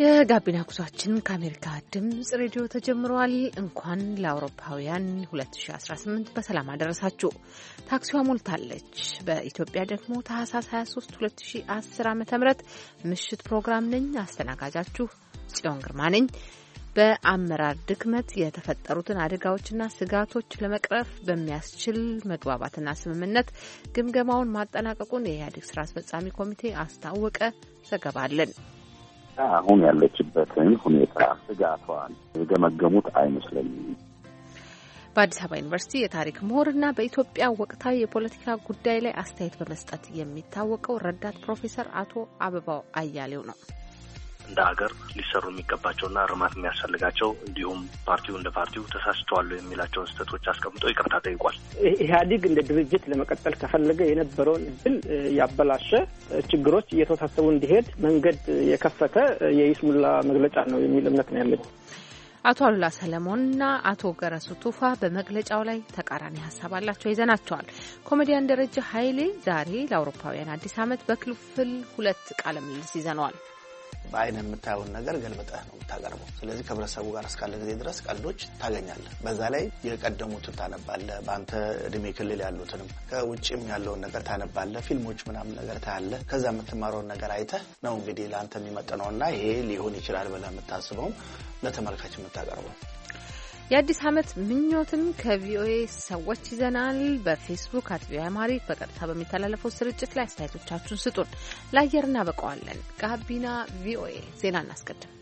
የጋቢና ጉዟችን ከአሜሪካ ድምፅ ሬዲዮ ተጀምረዋል። እንኳን ለአውሮፓውያን 2018 በሰላም አደረሳችሁ። ታክሲዋ ሞልታለች። በኢትዮጵያ ደግሞ ታህሳስ 23 2010 ዓ ም ምሽት ፕሮግራም ነኝ። አስተናጋጃችሁ ጽዮን ግርማ ነኝ። በአመራር ድክመት የተፈጠሩትን አደጋዎችና ስጋቶች ለመቅረፍ በሚያስችል መግባባትና ስምምነት ግምገማውን ማጠናቀቁን የኢህአዴግ ስራ አስፈጻሚ ኮሚቴ አስታወቀ። ዘገባ አለን። አሁን ያለችበትን ሁኔታ ስጋቷን የገመገሙት አይመስለኝም። በአዲስ አበባ ዩኒቨርሲቲ የታሪክ ምሁርና በኢትዮጵያ ወቅታዊ የፖለቲካ ጉዳይ ላይ አስተያየት በመስጠት የሚታወቀው ረዳት ፕሮፌሰር አቶ አበባው አያሌው ነው። እንደ ሀገር ሊሰሩ የሚገባቸውና እርማት የሚያስፈልጋቸው እንዲሁም ፓርቲው እንደ ፓርቲው ተሳስተዋል የሚላቸውን ስህተቶች አስቀምጦ ይቅርታ ጠይቋል። ኢህአዲግ እንደ ድርጅት ለመቀጠል ከፈለገ የነበረውን እድል ያበላሸ ችግሮች እየተወሳሰቡ እንዲሄድ መንገድ የከፈተ የይስሙላ መግለጫ ነው የሚል እምነት ነው ያለኝ። አቶ አሉላ ሰለሞንና አቶ ገረሱ ቱፋ በመግለጫው ላይ ተቃራኒ ሀሳብ አላቸው፣ ይዘናቸዋል። ኮሜዲያን ደረጀ ኃይሌ ዛሬ ለአውሮፓውያን አዲስ ዓመት በክፍል ሁለት ቃለ ምልልስ ይዘነዋል። በአይን የምታየውን ነገር ገልበጠህ ነው የምታቀርበው። ስለዚህ ከህብረተሰቡ ጋር እስካለ ጊዜ ድረስ ቀልዶች ታገኛለህ። በዛ ላይ የቀደሙትን ታነባለህ። በአንተ እድሜ ክልል ያሉትንም ከውጭም ያለውን ነገር ታነባለህ። ፊልሞች ምናምን ነገር ታያለህ። ከዛ የምትማረውን ነገር አይተህ ነው እንግዲህ ለአንተ የሚመጥነውና ይሄ ሊሆን ይችላል ብለህ የምታስበው ለተመልካች የምታቀርበው። የአዲስ ዓመት ምኞትም ከቪኦኤ ሰዎች ይዘናል። በፌስቡክ አት ቪኦኤ አማሪክ በቀጥታ በሚተላለፈው ስርጭት ላይ አስተያየቶቻችሁን ስጡን፣ ለአየር እናበቀዋለን። ጋቢና ቪኦኤ ዜና እናስቀድም።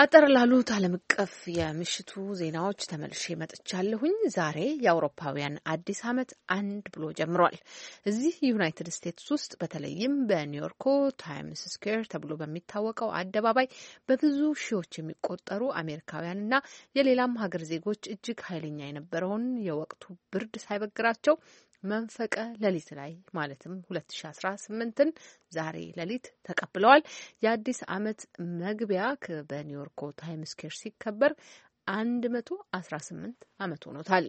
አጠር ላሉት ዓለም አቀፍ የምሽቱ ዜናዎች ተመልሼ መጥቻለሁኝ። ዛሬ የአውሮፓውያን አዲስ ዓመት አንድ ብሎ ጀምሯል። እዚህ ዩናይትድ ስቴትስ ውስጥ በተለይም በኒውዮርኮ ታይምስ ስኩዌር ተብሎ በሚታወቀው አደባባይ በብዙ ሺዎች የሚቆጠሩ አሜሪካውያንና የሌላም ሀገር ዜጎች እጅግ ኃይለኛ የነበረውን የወቅቱ ብርድ ሳይበግራቸው መንፈቀ ሌሊት ላይ ማለትም 2018ን ዛሬ ሌሊት ተቀብለዋል። የአዲስ ዓመት መግቢያ በኒውዮርኩ ታይምስ ስኩዌር ሲከበር 118 ዓመት ሆኖታል።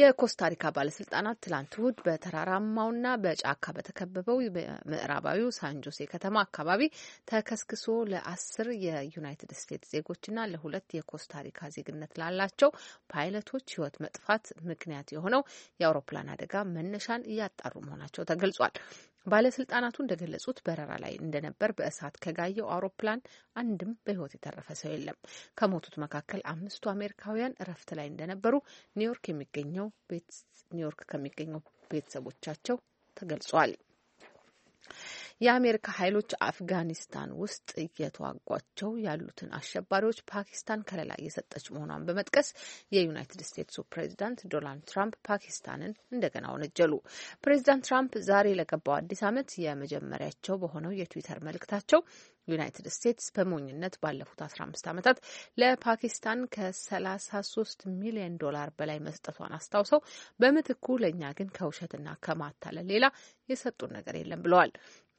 የኮስታሪካ ባለስልጣናት ትላንት እሁድ በተራራማውና በጫካ በተከበበው በምዕራባዊው ሳንጆሴ ከተማ አካባቢ ተከስክሶ ለአስር የዩናይትድ ስቴትስ ዜጎችና ለሁለት የኮስታሪካ ዜግነት ላላቸው ፓይለቶች ህይወት መጥፋት ምክንያት የሆነው የአውሮፕላን አደጋ መነሻን እያጣሩ መሆናቸው ተገልጿል። ባለስልጣናቱ እንደገለጹት በረራ ላይ እንደነበር በእሳት ከጋየው አውሮፕላን አንድም በሕይወት የተረፈ ሰው የለም። ከሞቱት መካከል አምስቱ አሜሪካውያን እረፍት ላይ እንደነበሩ ኒውዮርክ የሚገኘው ኒውዮርክ ከሚገኘው ቤተሰቦቻቸው ተገልጿል። የአሜሪካ ኃይሎች አፍጋኒስታን ውስጥ እየተዋጓቸው ያሉትን አሸባሪዎች ፓኪስታን ከለላ እየሰጠች መሆኗን በመጥቀስ የዩናይትድ ስቴትሱ ፕሬዚዳንት ዶናልድ ትራምፕ ፓኪስታንን እንደገና ወነጀሉ። ፕሬዚዳንት ትራምፕ ዛሬ ለገባው አዲስ ዓመት የመጀመሪያቸው በሆነው የትዊተር መልእክታቸው ዩናይትድ ስቴትስ በሞኝነት ባለፉት 15 ዓመታት ለፓኪስታን ከ33 ሚሊዮን ዶላር በላይ መስጠቷን አስታውሰው በምትኩ ለእኛ ግን ከውሸትና ከማታለል ሌላ የሰጡን ነገር የለም ብለዋል።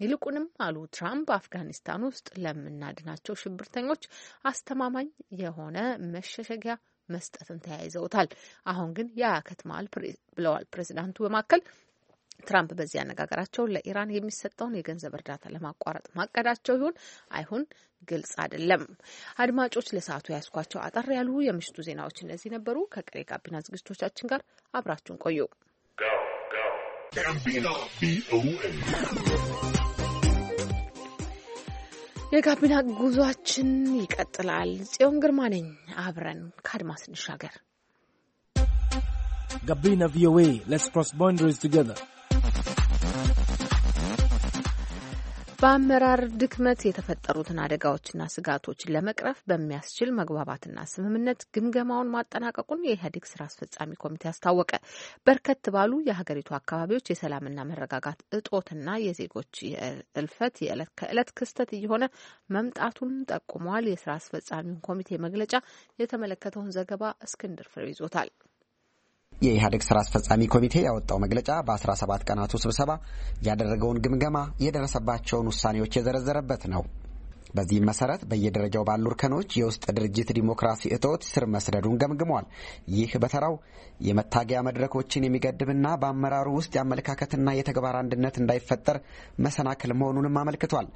ይልቁንም አሉ ትራምፕ አፍጋኒስታን ውስጥ ለምናድናቸው ሽብርተኞች አስተማማኝ የሆነ መሸሸጊያ መስጠትን ተያይዘውታል። አሁን ግን ያ ከትማል ብለዋል ፕሬዚዳንቱ በማከል ትራምፕ በዚህ አነጋገራቸው ለኢራን የሚሰጠውን የገንዘብ እርዳታ ለማቋረጥ ማቀዳቸው ይሁን አይሁን ግልጽ አይደለም። አድማጮች፣ ለሰዓቱ ያስኳቸው አጠር ያሉ የምሽቱ ዜናዎች እነዚህ ነበሩ። ከቀሪ ጋቢና ዝግጅቶቻችን ጋር አብራችሁን ቆዩ። የጋቢና ጉዟችን ይቀጥላል። ጽዮን ግርማ ነኝ። አብረን ከአድማስ እንሻገር። ጋቢና ቪኦኤ ሌትስ ክሮስ ባውንደሪስ ቱጌዘር በአመራር ድክመት የተፈጠሩትን አደጋዎችና ስጋቶች ለመቅረፍ በሚያስችል መግባባትና ስምምነት ግምገማውን ማጠናቀቁን የኢህአዴግ ስራ አስፈጻሚ ኮሚቴ አስታወቀ። በርከት ባሉ የሀገሪቱ አካባቢዎች የሰላምና መረጋጋት እጦትና የዜጎች እልፈት የዕለት ከዕለት ክስተት እየሆነ መምጣቱን ጠቁመዋል። የስራ አስፈጻሚውን ኮሚቴ መግለጫ የተመለከተውን ዘገባ እስክንድር ፍሬው ይዞታል። የኢህአዴግ ስራ አስፈጻሚ ኮሚቴ ያወጣው መግለጫ በ17 ቀናቱ ስብሰባ ያደረገውን ግምገማ የደረሰባቸውን ውሳኔዎች የዘረዘረበት ነው። በዚህም መሰረት በየደረጃው ባሉ እርከኖች የውስጥ ድርጅት ዲሞክራሲ እጦት ስር መስደዱን ገምግሟል። ይህ በተራው የመታገያ መድረኮችን የሚገድብና በአመራሩ ውስጥ የአመለካከትና የተግባር አንድነት እንዳይፈጠር መሰናክል መሆኑንም አመልክቷል።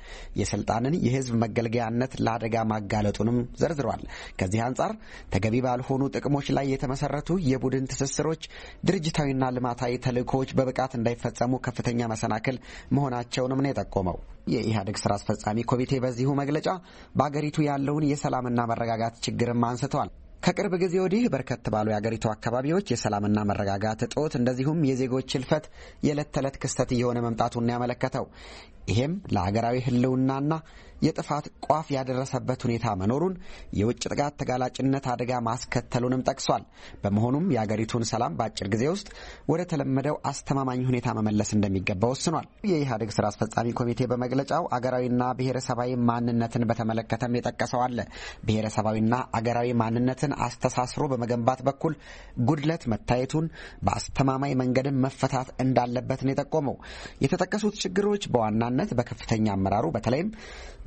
የስልጣንን የህዝብ መገልገያነት ለአደጋ ማጋለጡንም ዘርዝሯል። ከዚህ አንጻር ተገቢ ባልሆኑ ጥቅሞች ላይ የተመሰረቱ የቡድን ትስስሮች፣ ድርጅታዊና ልማታዊ ተልእኮዎች በብቃት እንዳይፈጸሙ ከፍተኛ መሰናክል መሆናቸውንም ነው የጠቆመው። የኢህአዴግ ስራ አስፈጻሚ ኮሚቴ በዚሁ መግለጫ በአገሪቱ ያለውን የሰላምና መረጋጋት ችግርም አንስተዋል። ከቅርብ ጊዜ ወዲህ በርከት ባሉ የአገሪቱ አካባቢዎች የሰላምና መረጋጋት እጦት እንደዚሁም የዜጎች ህልፈት የዕለት ተዕለት ክስተት እየሆነ መምጣቱን ያመለከተው ይሄም ለሀገራዊ ህልውናና የጥፋት ቋፍ ያደረሰበት ሁኔታ መኖሩን የውጭ ጥቃት ተጋላጭነት አደጋ ማስከተሉንም ጠቅሷል። በመሆኑም የአገሪቱን ሰላም በአጭር ጊዜ ውስጥ ወደ ተለመደው አስተማማኝ ሁኔታ መመለስ እንደሚገባ ወስኗል። የኢህአዴግ ስራ አስፈጻሚ ኮሚቴ በመግለጫው አገራዊና ብሔረሰባዊ ማንነትን በተመለከተም የጠቀሰው አለ። ብሔረሰባዊና አገራዊ ማንነትን አስተሳስሮ በመገንባት በኩል ጉድለት መታየቱን በአስተማማኝ መንገድን መፈታት እንዳለበት የጠቆመው። የተጠቀሱት ችግሮች በዋና በዋናነት በከፍተኛ አመራሩ በተለይም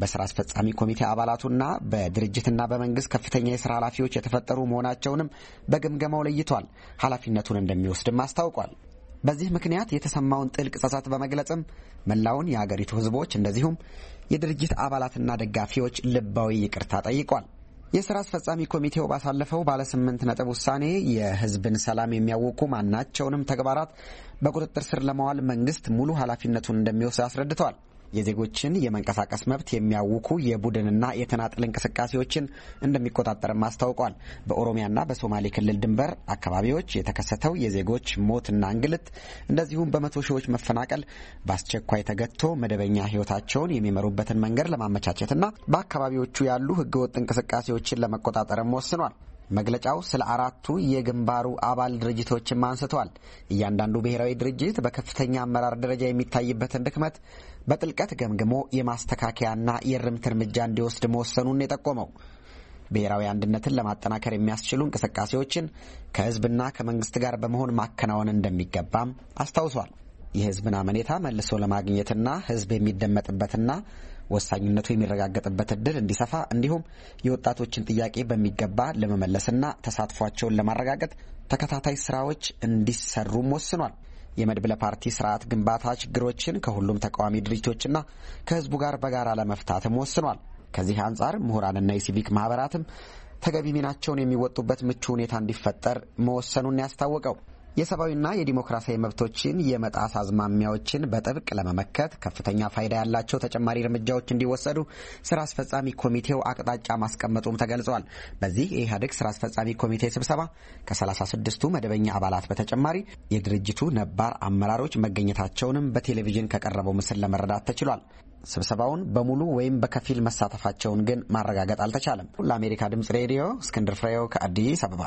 በስራ አስፈጻሚ ኮሚቴ አባላቱና በድርጅትና በመንግስት ከፍተኛ የስራ ኃላፊዎች የተፈጠሩ መሆናቸውንም በግምገማው ለይቷል። ኃላፊነቱን እንደሚወስድም አስታውቋል። በዚህ ምክንያት የተሰማውን ጥልቅ ጸጸት በመግለጽም መላውን የአገሪቱ ህዝቦች እንደዚሁም የድርጅት አባላትና ደጋፊዎች ልባዊ ይቅርታ ጠይቋል። የስራ አስፈጻሚ ኮሚቴው ባሳለፈው ባለ ስምንት ነጥብ ውሳኔ የህዝብን ሰላም የሚያውቁ ማናቸውንም ተግባራት በቁጥጥር ስር ለማዋል መንግስት ሙሉ ኃላፊነቱን እንደሚወስድ አስረድተዋል። የዜጎችን የመንቀሳቀስ መብት የሚያውኩ የቡድንና የተናጥል እንቅስቃሴዎችን እንደሚቆጣጠርም አስታውቋል። በኦሮሚያና በሶማሌ ክልል ድንበር አካባቢዎች የተከሰተው የዜጎች ሞትና እንግልት እንደዚሁም በመቶ ሺዎች መፈናቀል በአስቸኳይ ተገቶ መደበኛ ሕይወታቸውን የሚመሩበትን መንገድ ለማመቻቸትና በአካባቢዎቹ ያሉ ሕገወጥ እንቅስቃሴዎችን ለመቆጣጠርም ወስኗል። መግለጫው ስለ አራቱ የግንባሩ አባል ድርጅቶችም አንስቷል። እያንዳንዱ ብሔራዊ ድርጅት በከፍተኛ አመራር ደረጃ የሚታይበትን ድክመት በጥልቀት ገምግሞ የማስተካከያና የእርምት እርምጃ እንዲወስድ መወሰኑን የጠቆመው ብሔራዊ አንድነትን ለማጠናከር የሚያስችሉ እንቅስቃሴዎችን ከህዝብና ከመንግስት ጋር በመሆን ማከናወን እንደሚገባም አስታውሷል። የህዝብን አመኔታ መልሶ ለማግኘትና ህዝብ የሚደመጥበትና ወሳኝነቱ የሚረጋገጥበት እድል እንዲሰፋ እንዲሁም የወጣቶችን ጥያቄ በሚገባ ለመመለስና ተሳትፏቸውን ለማረጋገጥ ተከታታይ ስራዎች እንዲሰሩም ወስኗል። የመድብለ ፓርቲ ስርዓት ግንባታ ችግሮችን ከሁሉም ተቃዋሚ ድርጅቶችና ከህዝቡ ጋር በጋራ ለመፍታትም ወስኗል። ከዚህ አንጻር ምሁራንና የሲቪክ ማህበራትም ተገቢ ሚናቸውን የሚወጡበት ምቹ ሁኔታ እንዲፈጠር መወሰኑን ያስታወቀው የሰብአዊና የዲሞክራሲያዊ መብቶችን የመጣስ አዝማሚያዎችን በጥብቅ ለመመከት ከፍተኛ ፋይዳ ያላቸው ተጨማሪ እርምጃዎች እንዲወሰዱ ስራ አስፈጻሚ ኮሚቴው አቅጣጫ ማስቀመጡም ተገልጿል። በዚህ የኢህአዴግ ስራ አስፈጻሚ ኮሚቴ ስብሰባ ከ36ቱ መደበኛ አባላት በተጨማሪ የድርጅቱ ነባር አመራሮች መገኘታቸውንም በቴሌቪዥን ከቀረበው ምስል ለመረዳት ተችሏል። ስብሰባውን በሙሉ ወይም በከፊል መሳተፋቸውን ግን ማረጋገጥ አልተቻለም። ለአሜሪካ ድምጽ ሬዲዮ እስክንድር ፍሬው ከአዲስ አበባ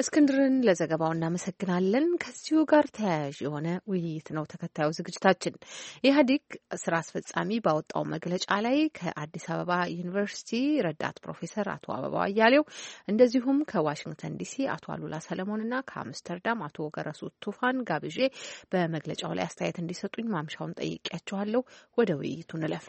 እስክንድርን ለዘገባው እናመሰግናለን። ከዚሁ ጋር ተያያዥ የሆነ ውይይት ነው ተከታዩ ዝግጅታችን። ኢህአዴግ ስራ አስፈጻሚ ባወጣው መግለጫ ላይ ከአዲስ አበባ ዩኒቨርሲቲ ረዳት ፕሮፌሰር አቶ አበባ አያሌው እንደዚሁም ከዋሽንግተን ዲሲ አቶ አሉላ ሰለሞን እና ከአምስተርዳም አቶ ገረሱ ቱፋን ጋብዤ በመግለጫው ላይ አስተያየት እንዲሰጡኝ ማምሻውን ጠይቄያቸዋለሁ። ወደ ውይይቱ እንለፍ።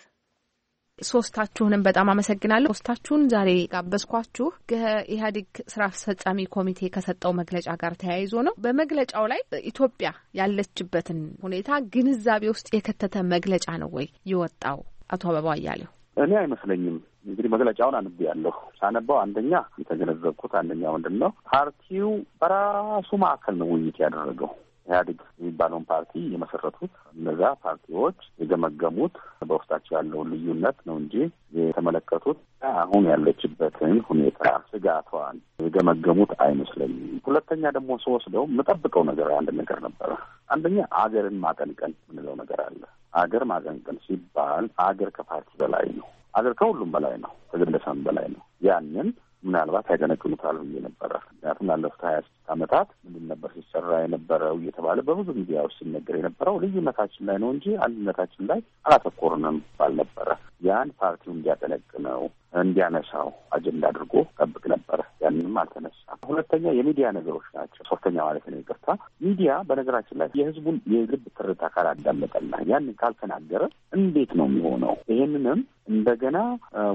ሶስታችሁንም በጣም አመሰግናለሁ። ሶስታችሁን ዛሬ ጋበዝኳችሁ ከኢህአዴግ ስራ አስፈጻሚ ኮሚቴ ከሰጠው መግለጫ ጋር ተያይዞ ነው። በመግለጫው ላይ ኢትዮጵያ ያለችበትን ሁኔታ ግንዛቤ ውስጥ የከተተ መግለጫ ነው ወይ የወጣው? አቶ አበባ አያሌው፣ እኔ አይመስለኝም። እንግዲህ መግለጫውን ያለሁ ሳነባው አንደኛ የተገነዘብኩት አንደኛ ምንድን ነው ፓርቲው በራሱ ማዕከል ነው ውይይት ያደረገው ኢህአዴግ የሚባለውን ፓርቲ የመሰረቱት እነዛ ፓርቲዎች የገመገሙት በውስጣቸው ያለውን ልዩነት ነው እንጂ የተመለከቱት አሁን ያለችበትን ሁኔታ ስጋቷን የገመገሙት አይመስለኝም። ሁለተኛ ደግሞ ስወስደው የምጠብቀው ነገር አንድ ነገር ነበረ። አንደኛ አገርን ማቀንቀን የምንለው ነገር አለ። አገር ማቀንቀን ሲባል አገር ከፓርቲ በላይ ነው። አገር ከሁሉም በላይ ነው። ከግለሰብም በላይ ነው። ያንን ምናልባት ያገነግኑታል ብዬ ነበረ። ምክንያቱም ላለፉት ሀያ አመታት ምንድን ነበር ሲሰራ የነበረው እየተባለ በብዙ ሚዲያዎች ሲነገር የነበረው ልዩነታችን ላይ ነው እንጂ አንድነታችን ላይ አላተኮርንም ነበረ። ያን ፓርቲው እንዲያጠነቅነው እንዲያነሳው አጀንዳ አድርጎ ጠብቅ ነበረ። ያንንም አልተነሳም። ሁለተኛ የሚዲያ ነገሮች ናቸው። ሶስተኛ ማለት ነው ይቅርታ። ሚዲያ በነገራችን ላይ የህዝቡን የልብ ትርታ ካላዳመጠና ያንን ካልተናገረ እንዴት ነው የሚሆነው? ይህንንም እንደገና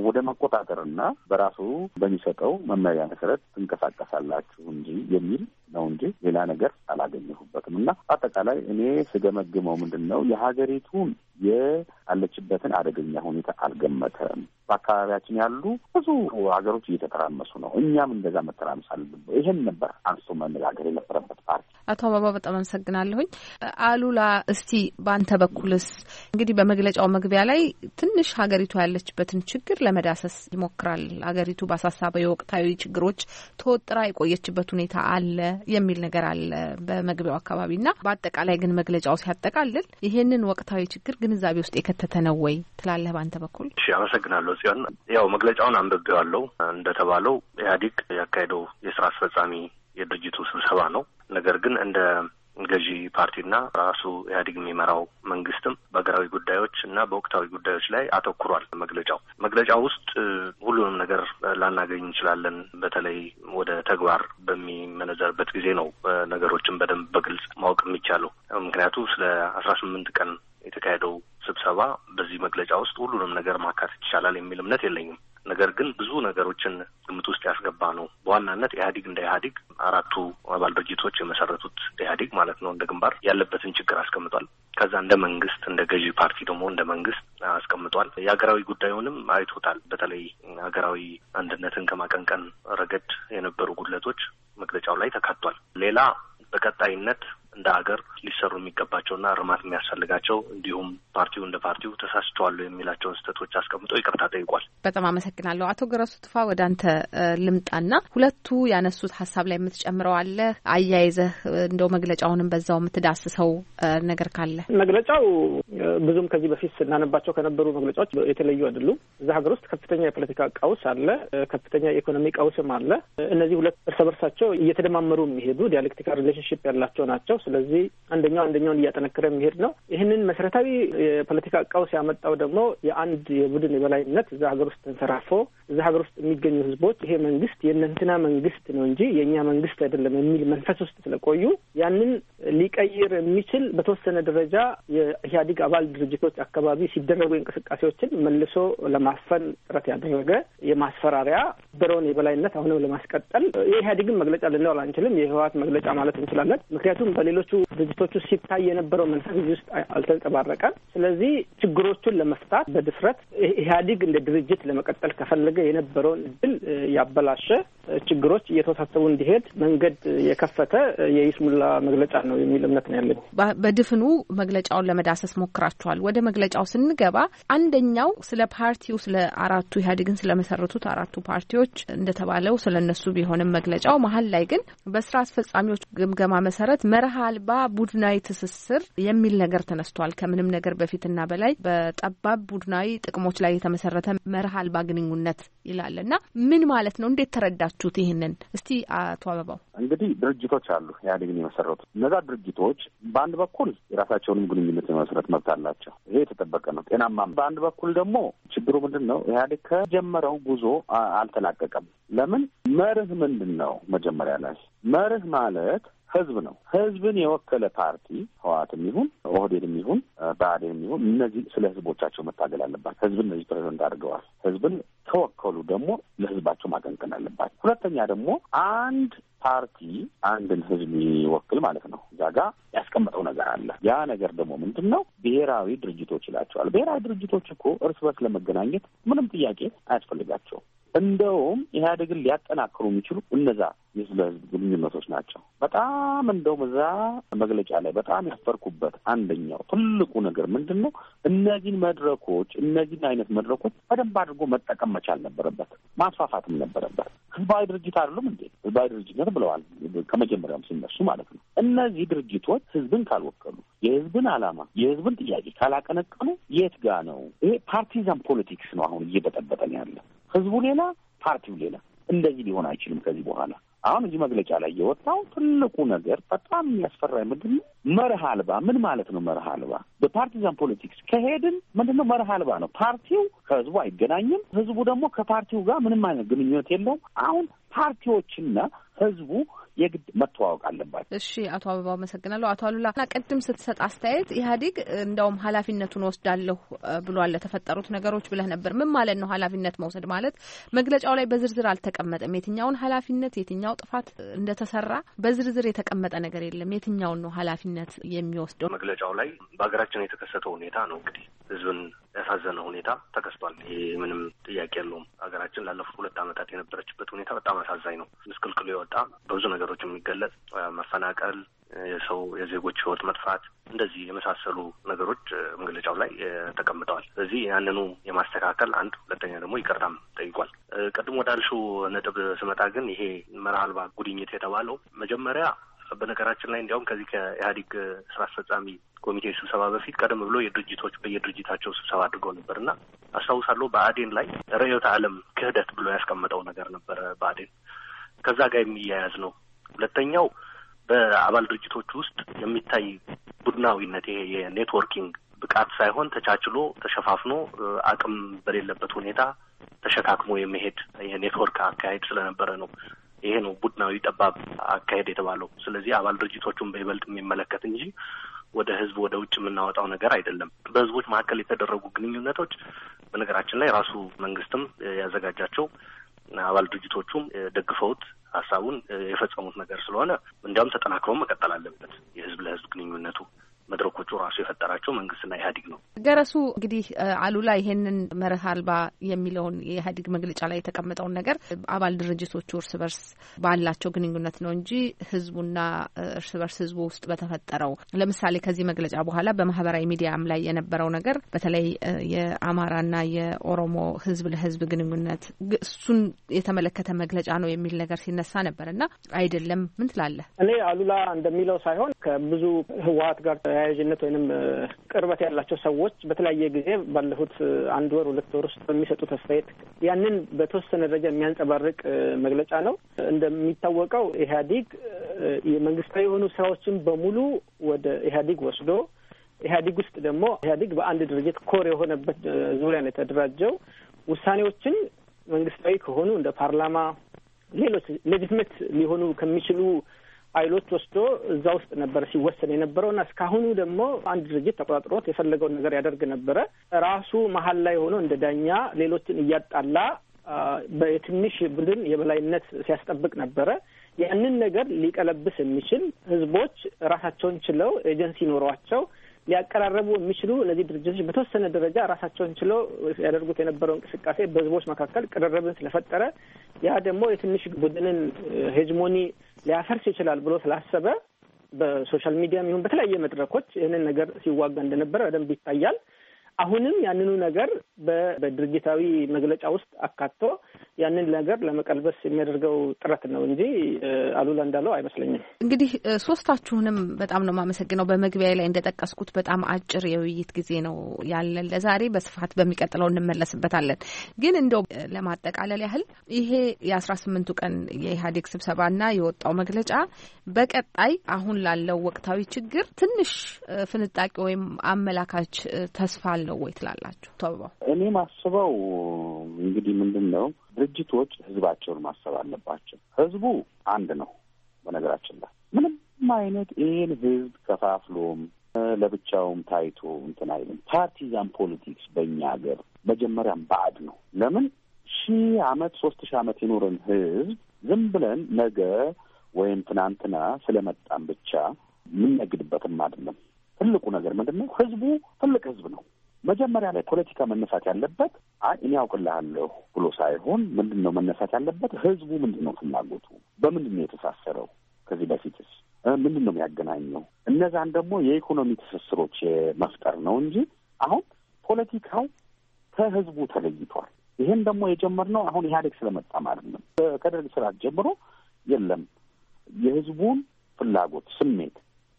ወደ መቆጣጠርና በራሱ በሚሰጠው መመሪያ መሰረት ትንቀሳቀሳላችሁ እንጂ የሚል ነው እንጂ ሌላ ነገር አላገኘሁበትም። እና አጠቃላይ እኔ ስገመግመው ምንድን ነው የሀገሪቱን ያለችበትን አደገኛ ሁኔታ አልገመተም። በአካባቢያችን ያሉ ብዙ ሀገሮች እየተተራመሱ ነው፣ እኛም እንደዛ መተራመስ አለብን። ይህን ነበር አንስቶ መነጋገር የነበረበት ፓርቲ። አቶ አበባ በጣም አመሰግናለሁኝ። አሉላ፣ እስቲ በአንተ በኩልስ እንግዲህ በመግለጫው መግቢያ ላይ ትንሽ ሀገሪቱ ያለችበትን ችግር ለመዳሰስ ይሞክራል። ሀገሪቱ በአሳሳበ የወቅታዊ ችግሮች ተወጥራ የቆየችበት ሁኔታ አለ የሚል ነገር አለ በመግቢያው አካባቢና በአጠቃላይ ግን መግለጫው ሲያጠቃልል ይህንን ወቅታዊ ችግር ግንዛቤ ውስጥ የከተተ ነው ወይ ትላለህ በአንተ በኩል? እሺ አመሰግናለሁ ጽዮን። ያው መግለጫውን አንብቤዋለሁ። እንደተባለው ኢህአዴግ ያካሄደው የስራ አስፈጻሚ የድርጅቱ ስብሰባ ነው። ነገር ግን እንደ ገዢ ፓርቲና ራሱ ኢህአዴግ የሚመራው መንግስትም በሀገራዊ ጉዳዮች እና በወቅታዊ ጉዳዮች ላይ አተኩሯል። መግለጫው መግለጫ ውስጥ ሁሉንም ነገር ላናገኝ እንችላለን። በተለይ ወደ ተግባር በሚመነዘርበት ጊዜ ነው ነገሮችን በደንብ በግልጽ ማወቅ የሚቻለው። ምክንያቱ ስለ አስራ ስምንት ቀን የተካሄደው ስብሰባ በዚህ መግለጫ ውስጥ ሁሉንም ነገር ማካተት ይቻላል የሚል እምነት የለኝም። ነገር ግን ብዙ ነገሮችን ግምት ውስጥ ያስገባ ነው። በዋናነት ኢህአዲግ እንደ ኢህአዲግ አራቱ አባል ድርጅቶች የመሰረቱት ኢህአዲግ ማለት ነው እንደ ግንባር ያለበትን ችግር አስቀምጧል። ከዛ እንደ መንግስት እንደ ገዢ ፓርቲ ደግሞ እንደ መንግስት አስቀምጧል። የሀገራዊ ጉዳዩንም አይቶታል። በተለይ ሀገራዊ አንድነትን ከማቀንቀን ረገድ የነበሩ ጉድለቶች መግለጫው ላይ ተካቷል። ሌላ በቀጣይነት እንደ ሀገር ሊሰሩ የሚገባቸውና እርማት የሚያስፈልጋቸው እንዲሁም ፓርቲው እንደ ፓርቲው ተሳስቸዋሉ የሚላቸውን ስህተቶች አስቀምጦ ይቅርታ ጠይቋል። በጣም አመሰግናለሁ። አቶ ገረሱ ትፋ ወደ አንተ ልምጣና ሁለቱ ያነሱት ሀሳብ ላይ የምትጨምረው አለ አያይዘህ እንደው መግለጫውንም በዛው የምትዳስሰው ነገር ካለ መግለጫው ብዙም ከዚህ በፊት ስናነባቸው ከነበሩ መግለጫዎች የተለዩ አይደሉም። እዛ ሀገር ውስጥ ከፍተኛ የፖለቲካ ቀውስ አለ፣ ከፍተኛ የኢኮኖሚ ቀውስም አለ። እነዚህ ሁለት እርስ በርሳቸው እየተደማመሩ የሚሄዱ ዲያሌክቲካል ሪሌሽንሽፕ ያላቸው ናቸው። ስለዚህ አንደኛው አንደኛውን እያጠነከረ የሚሄድ ነው። ይህንን መሰረታዊ የፖለቲካ ቀውስ ያመጣው ደግሞ የአንድ የቡድን የበላይነት እዛ ሀገር ውስጥ ተንሰራፎ እዛ ሀገር ውስጥ የሚገኙ ህዝቦች ይሄ መንግስት የእነንትና መንግስት ነው እንጂ የእኛ መንግስት አይደለም የሚል መንፈስ ውስጥ ስለቆዩ ያንን ሊቀይር የሚችል በተወሰነ ደረጃ የኢህአዴግ አባል ድርጅቶች አካባቢ ሲደረጉ እንቅስቃሴዎችን መልሶ ለማፈን ጥረት ያደረገ የማስፈራሪያ በረውን የበላይነት አሁንም ለማስቀጠል የኢህአዴግን መግለጫ ልንል አንችልም፣ የህወሀት መግለጫ ማለት እንችላለን። ምክንያቱም በሌሎቹ ድርጅቶቹ ሲታይ የነበረው መንፈስ እዚህ ውስጥ አልተንጸባረቀም። ስለዚህ ችግሮቹን ለመፍታት በድፍረት ኢህአዲግ እንደ ድርጅት ለመቀጠል ከፈለገ የነበረውን እድል ያበላሸ ችግሮች እየተወሳሰቡ እንዲሄድ መንገድ የከፈተ የይስሙላ መግለጫ ነው የሚል እምነት ነው ያለኝ። በድፍኑ መግለጫውን ለመዳሰስ ሞክራችኋል። ወደ መግለጫው ስንገባ አንደኛው ስለ ፓርቲው ስለ አራቱ ኢህአዲግን ስለመሰረቱት አራቱ ፓርቲዎች እንደተባለው ስለ እነሱ ቢሆንም መግለጫው መሀል ላይ ግን በስራ አስፈጻሚዎች ግምገማ መሰረት መርህ አልባ ቡድናዊ ትስስር የሚል ነገር ተነስቷል። ከምንም ነገር በፊትና በላይ በጠባብ ቡድናዊ ጥቅሞች ላይ የተመሰረተ መርህ አልባ ግንኙነት ይላል እና ምን ማለት ነው? እንዴት ተረዳችሁት ይህንን? እስቲ አቶ አበባው። እንግዲህ ድርጅቶች አሉ ኢህአዴግን የመሰረቱ እነዛ ድርጅቶች በአንድ በኩል የራሳቸውንም ግንኙነት የመሰረት መብት አላቸው። ይሄ የተጠበቀ ነው፣ ጤናማ። በአንድ በኩል ደግሞ ችግሩ ምንድን ነው? ኢህአዴግ ከጀመረው ጉዞ አልተላቀቀም። ለምን? መርህ ምንድን ነው? መጀመሪያ ላይ መርህ ማለት ህዝብ ነው። ህዝብን የወከለ ፓርቲ ህወሓትም ይሁን ኦህዴድም ይሁን ብአዴንም ይሁን እነዚህ ስለ ህዝቦቻቸው መታገል አለባቸው። ህዝብን እነዚህ ፕሬዚደንት አድርገዋል። ህዝብን ከወከሉ ደግሞ ለህዝባቸው ማቀንቀን አለባት ሁለተኛ ደግሞ አንድ ፓርቲ አንድን ህዝብ ይወክል ማለት ነው። እዛ ጋ ያስቀመጠው ነገር አለ። ያ ነገር ደግሞ ምንድን ነው? ብሔራዊ ድርጅቶች ይላቸዋል። ብሔራዊ ድርጅቶች እኮ እርስ በርስ ለመገናኘት ምንም ጥያቄ አያስፈልጋቸውም። እንደውም ኢህአዴግን ሊያጠናክሩ የሚችሉ እነዛ የህዝብ ለህዝብ ግንኙነቶች ናቸው። በጣም እንደውም እዛ መግለጫ ላይ በጣም ያፈርኩበት አንደኛው ትልቁ ነገር ምንድን ነው? እነዚህን መድረኮች እነዚህን አይነት መድረኮች በደንብ አድርጎ መጠቀም መቻል ነበረበት፣ ማስፋፋትም ነበረበት። ህዝባዊ ድርጅት አይደሉም እንዴ? ህዝባዊ ድርጅትነት ብለዋል ከመጀመሪያም ሲነሱ ማለት ነው። እነዚህ ድርጅቶች ህዝብን ካልወከሉ፣ የህዝብን አላማ የህዝብን ጥያቄ ካላቀነቀኑ የት ጋ ነው? ይሄ ፓርቲዛን ፖለቲክስ ነው አሁን እየበጠበጠን ያለ ህዝቡ ሌላ፣ ፓርቲው ሌላ። እንደዚህ ሊሆን አይችልም ከዚህ በኋላ። አሁን እዚህ መግለጫ ላይ የወጣው ትልቁ ነገር በጣም የሚያስፈራ ምንድን ነው? መርህ አልባ። ምን ማለት ነው መርህ አልባ? በፓርቲዛን ፖለቲክስ ከሄድን ምንድን ነው መርህ አልባ ነው። ፓርቲው ከህዝቡ አይገናኝም፣ ህዝቡ ደግሞ ከፓርቲው ጋር ምንም አይነት ግንኙነት የለውም። አሁን ፓርቲዎችና ህዝቡ የግድ መተዋወቅ አለባቸው። እሺ፣ አቶ አበባው አመሰግናለሁ። አቶ አሉላ እና ቅድም ስትሰጥ አስተያየት ኢህአዴግ እንዳውም ኃላፊነቱን ወስዳለሁ ብሏል ለተፈጠሩት ነገሮች ብለህ ነበር። ምን ማለት ነው ኃላፊነት መውሰድ ማለት? መግለጫው ላይ በዝርዝር አልተቀመጠም። የትኛውን ኃላፊነት የትኛው ጥፋት እንደተሰራ በዝርዝር የተቀመጠ ነገር የለም። የትኛውን ነው ኃላፊነት የሚወስደው? መግለጫው ላይ በሀገራችን የተከሰተው ሁኔታ ነው እንግዲህ ህዝብን ያሳዘነ ሁኔታ ተከስቷል። ይሄ ምንም ጥያቄ የለውም። ሀገራችን ላለፉት ሁለት ዓመታት የነበረችበት ሁኔታ በጣም አሳዛኝ ነው። ምስቅልቅሉ የወጣ በብዙ ነገሮች የሚገለጽ መፈናቀል፣ የሰው የዜጎች ህይወት መጥፋት እንደዚህ የመሳሰሉ ነገሮች መግለጫው ላይ ተቀምጠዋል። ስለዚህ ያንኑ የማስተካከል አንድ፣ ሁለተኛ ደግሞ ይቅርታም ጠይቋል። ቅድም ወዳልሽው ነጥብ ስመጣ ግን ይሄ መርህ አልባ ጉድኝት የተባለው መጀመሪያ በነገራችን ላይ እንዲያውም ከዚህ ከኢህአዴግ ስራ አስፈጻሚ ኮሚቴ ስብሰባ በፊት ቀደም ብሎ የድርጅቶች በየድርጅታቸው ስብሰባ አድርገው ነበር እና አስታውሳለሁ በአዴን ላይ ርዕዮተ ዓለም ክህደት ብሎ ያስቀመጠው ነገር ነበረ። በአዴን ከዛ ጋር የሚያያዝ ነው። ሁለተኛው በአባል ድርጅቶች ውስጥ የሚታይ ቡድናዊነት ይሄ የኔትወርኪንግ ብቃት ሳይሆን ተቻችሎ ተሸፋፍኖ አቅም በሌለበት ሁኔታ ተሸካክሞ የመሄድ የኔትወርክ አካሄድ ስለነበረ ነው ይሄ ነው ቡድናዊ ጠባብ አካሄድ የተባለው። ስለዚህ አባል ድርጅቶቹን በይበልጥ የሚመለከት እንጂ ወደ ህዝብ ወደ ውጭ የምናወጣው ነገር አይደለም። በህዝቦች መካከል የተደረጉ ግንኙነቶች በነገራችን ላይ ራሱ መንግስትም ያዘጋጃቸው አባል ድርጅቶቹም ደግፈውት ሀሳቡን የፈጸሙት ነገር ስለሆነ እንዲያውም ተጠናክሮ መቀጠል አለበት የህዝብ ለህዝብ ግንኙነቱ። መድረኮቹ ራሱ የፈጠራቸው መንግስትና ኢህአዲግ ነው። ገረሱ እንግዲህ አሉላ ይሄንን መርህ አልባ የሚለውን የኢህአዲግ መግለጫ ላይ የተቀመጠውን ነገር አባል ድርጅቶቹ እርስ በርስ ባላቸው ግንኙነት ነው እንጂ ህዝቡና እርስ በርስ ህዝቡ ውስጥ በተፈጠረው ለምሳሌ ከዚህ መግለጫ በኋላ በማህበራዊ ሚዲያም ላይ የነበረው ነገር በተለይ የአማራና የኦሮሞ ህዝብ ለህዝብ ግንኙነት እሱን የተመለከተ መግለጫ ነው የሚል ነገር ሲነሳ ነበር እና አይደለም ምን ትላለህ? እኔ አሉላ እንደሚለው ሳይሆን ከብዙ ህወሀት ጋር ተያያዥነት ወይንም ቅርበት ያላቸው ሰዎች በተለያየ ጊዜ ባለፉት አንድ ወር ሁለት ወር ውስጥ በሚሰጡት አስተያየት ያንን በተወሰነ ደረጃ የሚያንጸባርቅ መግለጫ ነው። እንደሚታወቀው ኢህአዲግ የመንግስታዊ የሆኑ ስራዎችን በሙሉ ወደ ኢህአዲግ ወስዶ ኢህአዲግ ውስጥ ደግሞ ኢህአዲግ በአንድ ድርጅት ኮር የሆነበት ዙሪያ ነው የተደራጀው። ውሳኔዎችን መንግስታዊ ከሆኑ እንደ ፓርላማ ሌሎች ሌጅትመት ሊሆኑ ከሚችሉ ኃይሎች ወስዶ እዛ ውስጥ ነበረ ሲወሰን የነበረውና እስካሁኑ ደግሞ አንድ ድርጅት ተቆጣጥሮት የፈለገውን ነገር ያደርግ ነበረ። ራሱ መሀል ላይ ሆኖ እንደ ዳኛ ሌሎችን እያጣላ በትንሽ ቡድን የበላይነት ሲያስጠብቅ ነበረ። ያንን ነገር ሊቀለብስ የሚችል ህዝቦች ራሳቸውን ችለው ኤጀንሲ ኖሯቸው ሊያቀራረቡ የሚችሉ እነዚህ ድርጅቶች በተወሰነ ደረጃ ራሳቸውን ችለው ያደርጉት የነበረው እንቅስቃሴ በህዝቦች መካከል ቅርርብን ስለፈጠረ ያ ደግሞ የትንሽ ቡድንን ሄጅሞኒ ሊያፈርስ ይችላል ብሎ ስላሰበ በሶሻል ሚዲያም ይሁን በተለያየ መድረኮች ይህንን ነገር ሲዋጋ እንደነበረ በደንብ ይታያል። አሁንም ያንኑ ነገር በድርጅታዊ መግለጫ ውስጥ አካቶ ያንን ነገር ለመቀልበስ የሚያደርገው ጥረት ነው እንጂ አሉላ እንዳለው አይመስለኝም። እንግዲህ ሶስታችሁንም በጣም ነው የማመሰግነው። በመግቢያ ላይ እንደጠቀስኩት በጣም አጭር የውይይት ጊዜ ነው ያለን ለዛሬ። በስፋት በሚቀጥለው እንመለስበታለን። ግን እንደው ለማጠቃለል ያህል ይሄ የአስራ ስምንቱ ቀን የኢህአዴግ ስብሰባና የወጣው መግለጫ በቀጣይ አሁን ላለው ወቅታዊ ችግር ትንሽ ፍንጣቂ ወይም አመላካች ተስፋ ነው ወይ ትላላችሁ? ተብባው እኔ ማስበው እንግዲህ ምንድን ነው ድርጅቶች ህዝባቸውን ማሰብ አለባቸው። ህዝቡ አንድ ነው። በነገራችን ላይ ምንም አይነት ይህን ህዝብ ከፋፍሎም ለብቻውም ታይቶ እንትን አይልም። ፓርቲዛን ፖለቲክስ በእኛ ሀገር መጀመሪያም ባዕድ ነው። ለምን ሺህ አመት ሶስት ሺህ አመት የኖረን ህዝብ ዝም ብለን ነገ ወይም ትናንትና ስለመጣም ብቻ የምንነግድበትም አይደለም። ትልቁ ነገር ምንድን ነው? ህዝቡ ትልቅ ህዝብ ነው። መጀመሪያ ላይ ፖለቲካ መነሳት ያለበት አይ እኔ ያውቅልሃለሁ ብሎ ሳይሆን ምንድን ነው መነሳት ያለበት? ህዝቡ ምንድን ነው ፍላጎቱ? በምንድን ነው የተሳሰረው? ከዚህ በፊትስ ምንድን ነው የሚያገናኘው? እነዛን ደግሞ የኢኮኖሚ ትስስሮች መፍጠር ነው እንጂ አሁን ፖለቲካው ከህዝቡ ተለይቷል። ይህን ደግሞ የጀመርነው አሁን ኢህአዴግ ስለመጣም አይደለም። ከደርግ ስርዓት ጀምሮ የለም የህዝቡን ፍላጎት ስሜት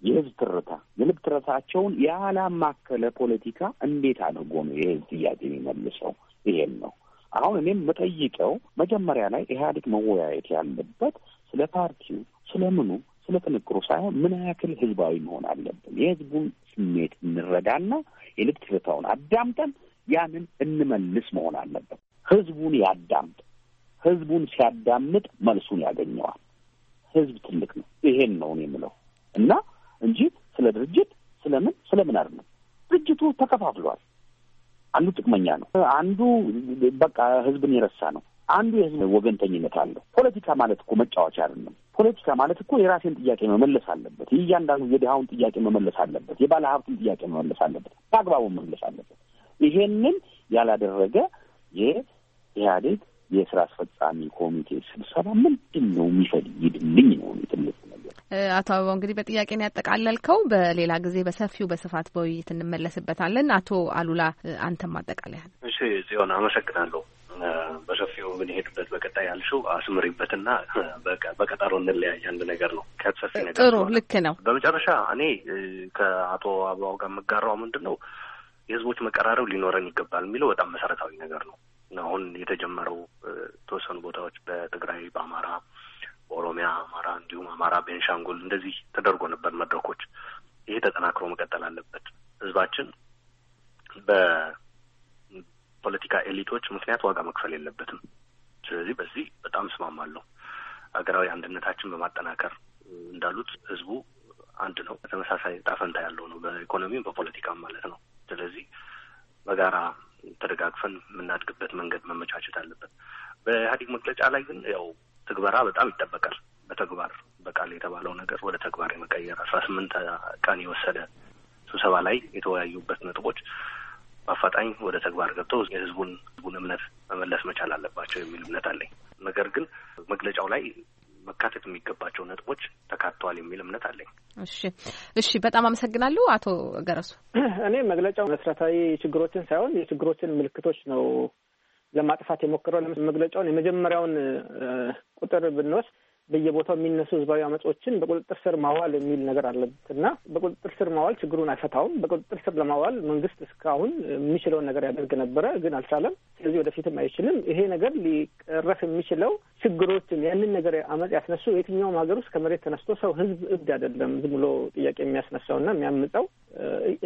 የህዝብ ትርታ የልብ ትርታቸውን ያላማከለ ፖለቲካ እንዴት አድርጎ ነው የህዝብ ጥያቄ የሚመልሰው? ይሄን ነው አሁን እኔም የምጠይቀው። መጀመሪያ ላይ ኢህአዴግ መወያየት ያለበት ስለ ፓርቲው ስለምኑ ስለ ትንቅሩ ሳይሆን ምን ያክል ህዝባዊ መሆን አለብን፣ የህዝቡን ስሜት እንረዳና የልብ ትርታውን አዳምጠን ያንን እንመልስ መሆን አለበት። ህዝቡን ያዳምጥ። ህዝቡን ሲያዳምጥ መልሱን ያገኘዋል። ህዝብ ትልቅ ነው። ይሄን ነው እኔ የምለው እና እንጂ ስለ ድርጅት ስለምን ስለምን አይደለም። ድርጅቱ ተከፋፍሏል። አንዱ ጥቅመኛ ነው፣ አንዱ በቃ ህዝብን የረሳ ነው፣ አንዱ የህዝብ ወገንተኝነት አለው። ፖለቲካ ማለት እኮ መጫወቻ አይደለም። ፖለቲካ ማለት እኮ የራሴን ጥያቄ መመለስ አለበት። የእያንዳንዱ የድሃውን ጥያቄ መመለስ አለበት። የባለ ሀብትን ጥያቄ መመለስ አለበት። በአግባቡ መመለስ አለበት። ይሄንን ያላደረገ የኢህአዴግ የስራ አስፈጻሚ ኮሚቴ ስብሰባ ምንድን ነው የሚፈልይድልኝ ነው ትልቅ አቶ አበባው እንግዲህ በጥያቄን ያጠቃለልከው፣ በሌላ ጊዜ በሰፊው በስፋት በውይይት እንመለስበታለን። አቶ አሉላ አንተም ማጠቃለያ። እሺ ጽዮን አመሰግናለሁ። በሰፊው የምንሄድበት በቀጣይ ያልሽው አስምሪበትና በቀጠሮ እንለያይ አንድ ነገር ነው። ከሰፊ ነገር ጥሩ ልክ ነው። በመጨረሻ እኔ ከአቶ አበባው ጋር የምጋራው ምንድን ነው የህዝቦች መቀራረብ ሊኖረን ይገባል የሚለው በጣም መሰረታዊ ነገር ነው። አሁን የተጀመረው የተወሰኑ ቦታዎች በትግራይ፣ በአማራ ኦሮሚያ፣ አማራ እንዲሁም አማራ፣ ቤንሻንጉል እንደዚህ ተደርጎ ነበር መድረኮች። ይሄ ተጠናክሮ መቀጠል አለበት። ህዝባችን በፖለቲካ ኤሊቶች ምክንያት ዋጋ መክፈል የለበትም። ስለዚህ በዚህ በጣም እስማማለሁ። ሀገራዊ አንድነታችን በማጠናከር እንዳሉት ህዝቡ አንድ ነው፣ ተመሳሳይ ጣፈንታ ያለው ነው፣ በኢኮኖሚም በፖለቲካም ማለት ነው። ስለዚህ በጋራ ተደጋግፈን የምናድግበት መንገድ መመቻቸት አለበት። በኢህአዴግ መግለጫ ላይ ግን ያው ትግበራ በጣም ይጠበቃል። በተግባር በቃል የተባለው ነገር ወደ ተግባር የመቀየር አስራ ስምንት ቀን የወሰደ ስብሰባ ላይ የተወያዩበት ነጥቦች በአፋጣኝ ወደ ተግባር ገብተው የህዝቡን ህዝቡን እምነት መመለስ መቻል አለባቸው የሚል እምነት አለኝ። ነገር ግን መግለጫው ላይ መካተት የሚገባቸው ነጥቦች ተካተዋል የሚል እምነት አለኝ። እሺ፣ እሺ፣ በጣም አመሰግናለሁ አቶ ገረሱ። እኔ መግለጫው መሰረታዊ ችግሮችን ሳይሆን የችግሮችን ምልክቶች ነው ለማጥፋት የሞከረው መግለጫውን የመጀመሪያውን ቁጥር ብንወስድ በየቦታው የሚነሱ ህዝባዊ አመጾችን በቁጥጥር ስር ማዋል የሚል ነገር አለበት እና በቁጥጥር ስር ማዋል ችግሩን አይፈታውም። በቁጥጥር ስር ለማዋል መንግስት እስካሁን የሚችለውን ነገር ያደርግ ነበረ፣ ግን አልቻለም። ስለዚህ ወደፊትም አይችልም። ይሄ ነገር ሊቀረፍ የሚችለው ችግሮችን ያንን ነገር አመፅ ያስነሱ የትኛውም ሀገር ውስጥ ከመሬት ተነስቶ ሰው ህዝብ እብድ አይደለም ዝም ብሎ ጥያቄ የሚያስነሳው እና የሚያምፀው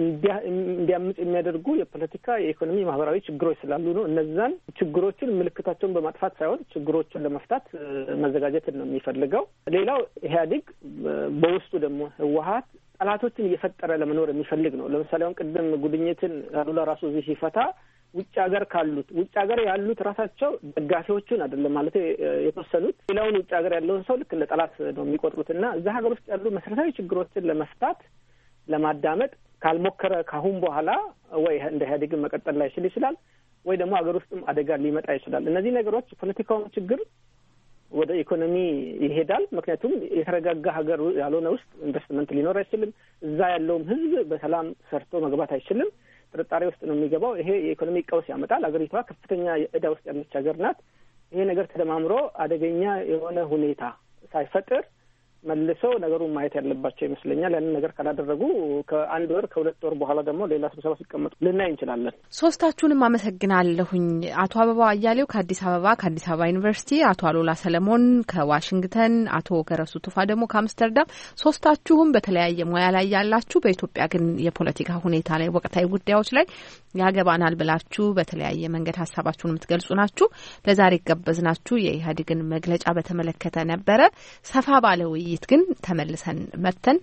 እንዲያምጽ የሚያደርጉ የፖለቲካ የኢኮኖሚ፣ ማህበራዊ ችግሮች ስላሉ ነው። እነዛን ችግሮችን ምልክታቸውን በማጥፋት ሳይሆን ችግሮቹን ለመፍታት መዘጋጀትን ነው የሚፈ የምፈልገው። ሌላው ኢህአዴግ በውስጡ ደግሞ ህወሀት ጠላቶችን እየፈጠረ ለመኖር የሚፈልግ ነው። ለምሳሌ አሁን ቅድም ጉድኝትን አሉላ ራሱ እዚህ ሲፈታ ውጭ ሀገር ካሉት ውጭ ሀገር ያሉት ራሳቸው ደጋፊዎቹን አይደለም ማለት የተወሰኑት ሌላውን ውጭ ሀገር ያለውን ሰው ልክ እንደ ጠላት ነው የሚቆጥሩት እና እዛ ሀገር ውስጥ ያሉ መሰረታዊ ችግሮችን ለመፍታት ለማዳመጥ ካልሞከረ ካሁን በኋላ ወይ እንደ ኢህአዴግን መቀጠል ላይችል ይችላል ወይ ደግሞ ሀገር ውስጥም አደጋ ሊመጣ ይችላል። እነዚህ ነገሮች ፖለቲካውን ችግር ወደ ኢኮኖሚ ይሄዳል። ምክንያቱም የተረጋጋ ሀገር ያልሆነ ውስጥ ኢንቨስትመንት ሊኖር አይችልም። እዛ ያለውም ህዝብ በሰላም ሰርቶ መግባት አይችልም። ጥርጣሬ ውስጥ ነው የሚገባው። ይሄ የኢኮኖሚ ቀውስ ያመጣል። ሀገሪቷ ከፍተኛ እዳ ውስጥ ያለች ሀገር ናት። ይሄ ነገር ተደማምሮ አደገኛ የሆነ ሁኔታ ሳይፈጥር መልሰው ነገሩን ማየት ያለባቸው ይመስለኛል። ያንን ነገር ካላደረጉ ከአንድ ወር ከሁለት ወር በኋላ ደግሞ ሌላ ስብሰባ ሲቀመጡ ልናይ እንችላለን። ሶስታችሁንም አመሰግናለሁኝ። አቶ አበባ አያሌው ከአዲስ አበባ ከአዲስ አበባ ዩኒቨርሲቲ፣ አቶ አሎላ ሰለሞን ከዋሽንግተን፣ አቶ ገረሱ ቱፋ ደግሞ ከአምስተርዳም። ሶስታችሁም በተለያየ ሙያ ላይ ያላችሁ በኢትዮጵያ ግን የፖለቲካ ሁኔታ ላይ ወቅታዊ ጉዳዮች ላይ ያገባናል ብላችሁ በተለያየ መንገድ ሀሳባችሁን የምትገልጹ ናችሁ። ለዛሬ ይጋበዝናችሁ ናችሁ የኢህአዴግን መግለጫ በተመለከተ ነበረ ሰፋ ባለው ውይይት ግን ተመልሰን መጥተን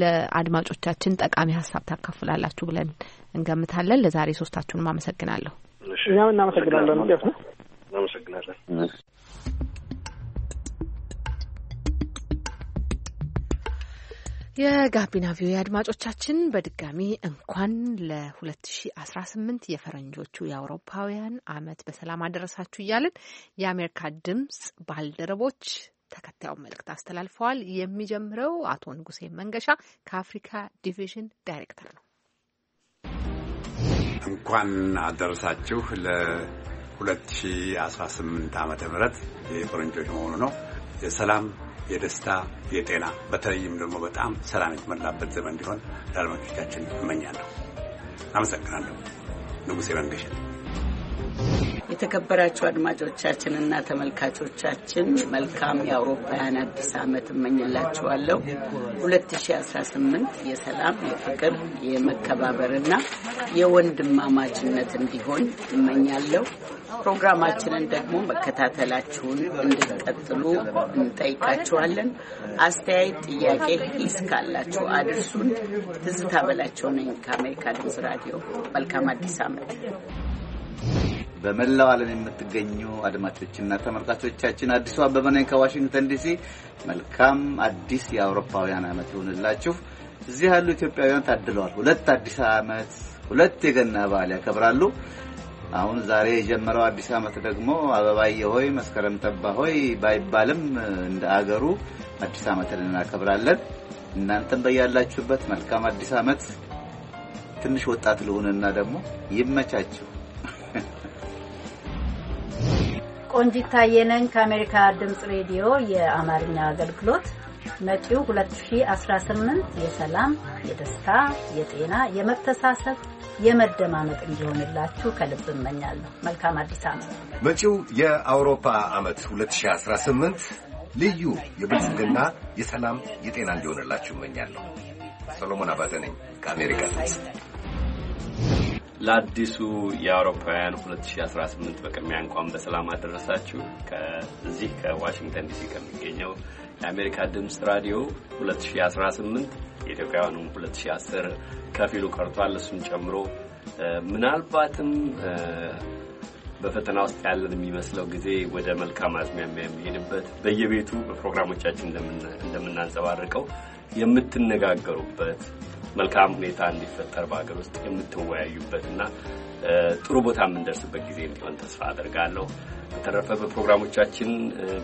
ለአድማጮቻችን ጠቃሚ ሀሳብ ታካፍላላችሁ ብለን እንገምታለን። ለዛሬ ሶስታችሁንም አመሰግናለሁ። እኛም እናመሰግናለን። እናመሰግናለን። የጋቢና ቪዮ አድማጮቻችን በድጋሚ እንኳን ለ2018 የፈረንጆቹ የአውሮፓውያን አመት በሰላም አደረሳችሁ እያለን የአሜሪካ ድምጽ ባልደረቦች ተከታዩን መልእክት አስተላልፈዋል። የሚጀምረው አቶ ንጉሴ መንገሻ ከአፍሪካ ዲቪዥን ዳይሬክተር ነው። እንኳን አደረሳችሁ ለ2018 ዓመተ ምህረት የፈረንጆች መሆኑ ነው። የሰላም የደስታ፣ የጤና በተለይም ደግሞ በጣም ሰላም የተመላበት ዘመን እንዲሆን ለአድማጮቻችን እመኛለሁ። አመሰግናለሁ። ንጉሴ መንገሻ የተከበራችሁ አድማጮቻችን እና ተመልካቾቻችን መልካም የአውሮፓውያን አዲስ ዓመት እመኝላችኋለሁ። 2018 የሰላም የፍቅር፣ የመከባበርና የወንድማማችነት እንዲሆን እመኛለሁ። ፕሮግራማችንን ደግሞ መከታተላችሁን እንድትቀጥሉ እንጠይቃችኋለን። አስተያየት፣ ጥያቄ ሂስ ካላችሁ አድርሱን። ትዝታ በላቸው ነኝ ከአሜሪካ ድምፅ ራዲዮ። መልካም አዲስ ዓመት። በመላው ዓለም የምትገኙ አድማጮችና ተመልካቾቻችን አዲሱ አበበ ነኝ ከዋሽንግተን ዲሲ። መልካም አዲስ የአውሮፓውያን ዓመት ይሁንላችሁ። እዚህ ያሉ ኢትዮጵያውያን ታድለዋል። ሁለት አዲስ ዓመት፣ ሁለት የገና በዓል ያከብራሉ። አሁን ዛሬ የጀመረው አዲስ ዓመት ደግሞ አበባዬ ሆይ መስከረም ጠባ ሆይ ባይባልም እንደ አገሩ አዲስ ዓመትን እናከብራለን። እናንተም በያላችሁበት መልካም አዲስ ዓመት። ትንሽ ወጣት ልሆንና ደግሞ ይመቻችሁ። ቆንጂት ታየነኝ ከአሜሪካ ድምፅ ሬዲዮ የአማርኛ አገልግሎት መጪው 2018 የሰላም፣ የደስታ፣ የጤና፣ የመተሳሰብ፣ የመደማመጥ እንዲሆንላችሁ ከልብ እመኛለሁ። መልካም አዲስ ዓመት። መጪው የአውሮፓ ዓመት 2018 ልዩ የብልጽግና፣ የሰላም፣ የጤና እንዲሆንላችሁ እመኛለሁ። ሰሎሞን አባተ ነኝ ከአሜሪካ ድምፅ ለአዲሱ የአውሮፓውያን 2018 በቅድሚያ እንኳን በሰላም አደረሳችሁ። ከዚህ ከዋሽንግተን ዲሲ ከሚገኘው የአሜሪካ ድምፅ ራዲዮ 2018 የኢትዮጵያውያኑም 2010 ከፊሉ ቀርቷል። እሱን ጨምሮ ምናልባትም በፈተና ውስጥ ያለን የሚመስለው ጊዜ ወደ መልካም አዝማሚያ የሚሄድበት በየቤቱ በፕሮግራሞቻችን እንደምናንጸባርቀው የምትነጋገሩበት መልካም ሁኔታ እንዲፈጠር በሀገር ውስጥ የምትወያዩበትና ጥሩ ቦታ የምንደርስበት ጊዜ እንዲሆን ተስፋ አደርጋለሁ። በተረፈ በፕሮግራሞቻችን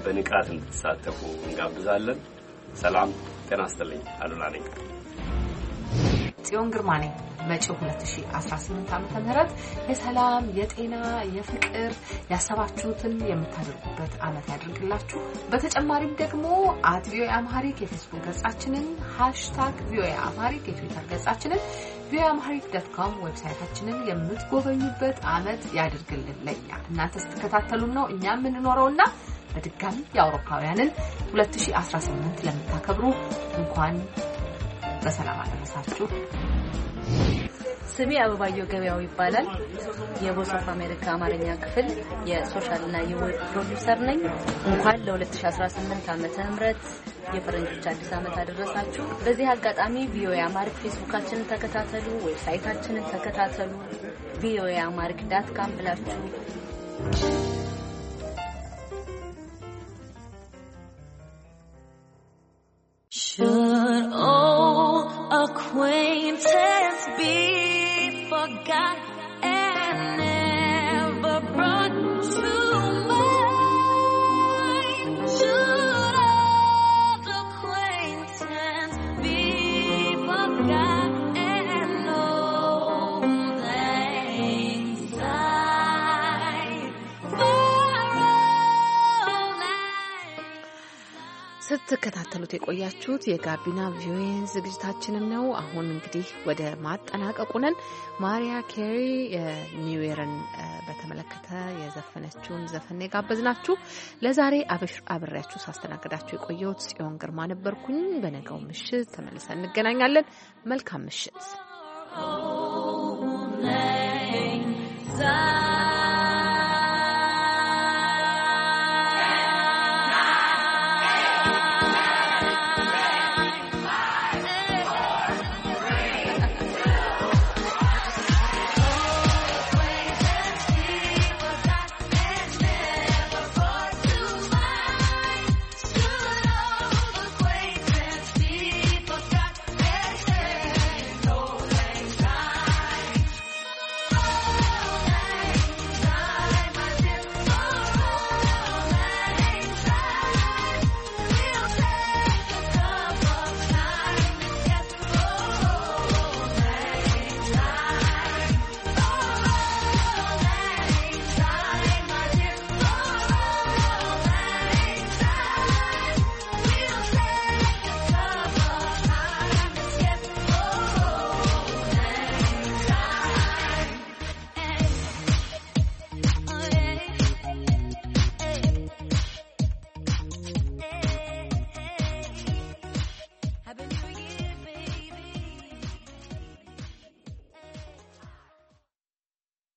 በንቃት እንድትሳተፉ እንጋብዛለን። ሰላም ጤና ይስጥልኝ። አሉላ ነኝ። ጽዮን ግርማ ነኝ። መጪው 2018 ዓ ም የሰላም የጤና የፍቅር ያሰባችሁትን የምታደርጉበት ዓመት ያድርግላችሁ። በተጨማሪም ደግሞ አት ቪኦኤ አምሃሪክ የፌስቡክ ገጻችንን፣ ሃሽታግ ቪኦኤ አምሃሪክ የትዊተር ገጻችንን፣ ቪኦኤ አምሃሪክ ዶት ኮም ዌብሳይታችንን የምትጎበኙበት ዓመት ያድርግልን። ለኛ እናንተ ስትከታተሉን ነው እኛ የምንኖረውና በድጋሚ የአውሮፓውያንን 2018 ለምታከብሩ እንኳን በሰላም አደረሳችሁ። ስሜ አበባየው ገበያው ይባላል። የቮይስ ኦፍ አሜሪካ አማርኛ ክፍል የሶሻል እና የዌብ ፕሮዲውሰር ነኝ። እንኳን ለ2018 ዓመተ ምህረት የፈረንጆች አዲስ ዓመት አደረሳችሁ። በዚህ አጋጣሚ ቪኦኤ አማርክ ፌስቡካችንን ተከታተሉ፣ ዌብሳይታችንን ተከታተሉ። ቪኦኤ አማርክ ዳት ካም ብላችሁ acquaintance be forgot and never brought to mind. Should old acquaintance be forgot and old anxiety? For old anxiety. ስትከታተሉት የቆያችሁት የጋቢና ቪኦኤን ዝግጅታችንን ነው። አሁን እንግዲህ ወደ ማጠናቀቁ ነን። ማሪያ ኬሪ የኒውዌርን በተመለከተ የዘፈነችውን ዘፈን የጋበዝ ናችሁ። ለዛሬ አብሬያችሁ ሳስተናግዳችሁ የቆየሁት ጽዮን ግርማ ነበርኩኝ። በነገው ምሽት ተመልሰን እንገናኛለን። መልካም ምሽት። oh,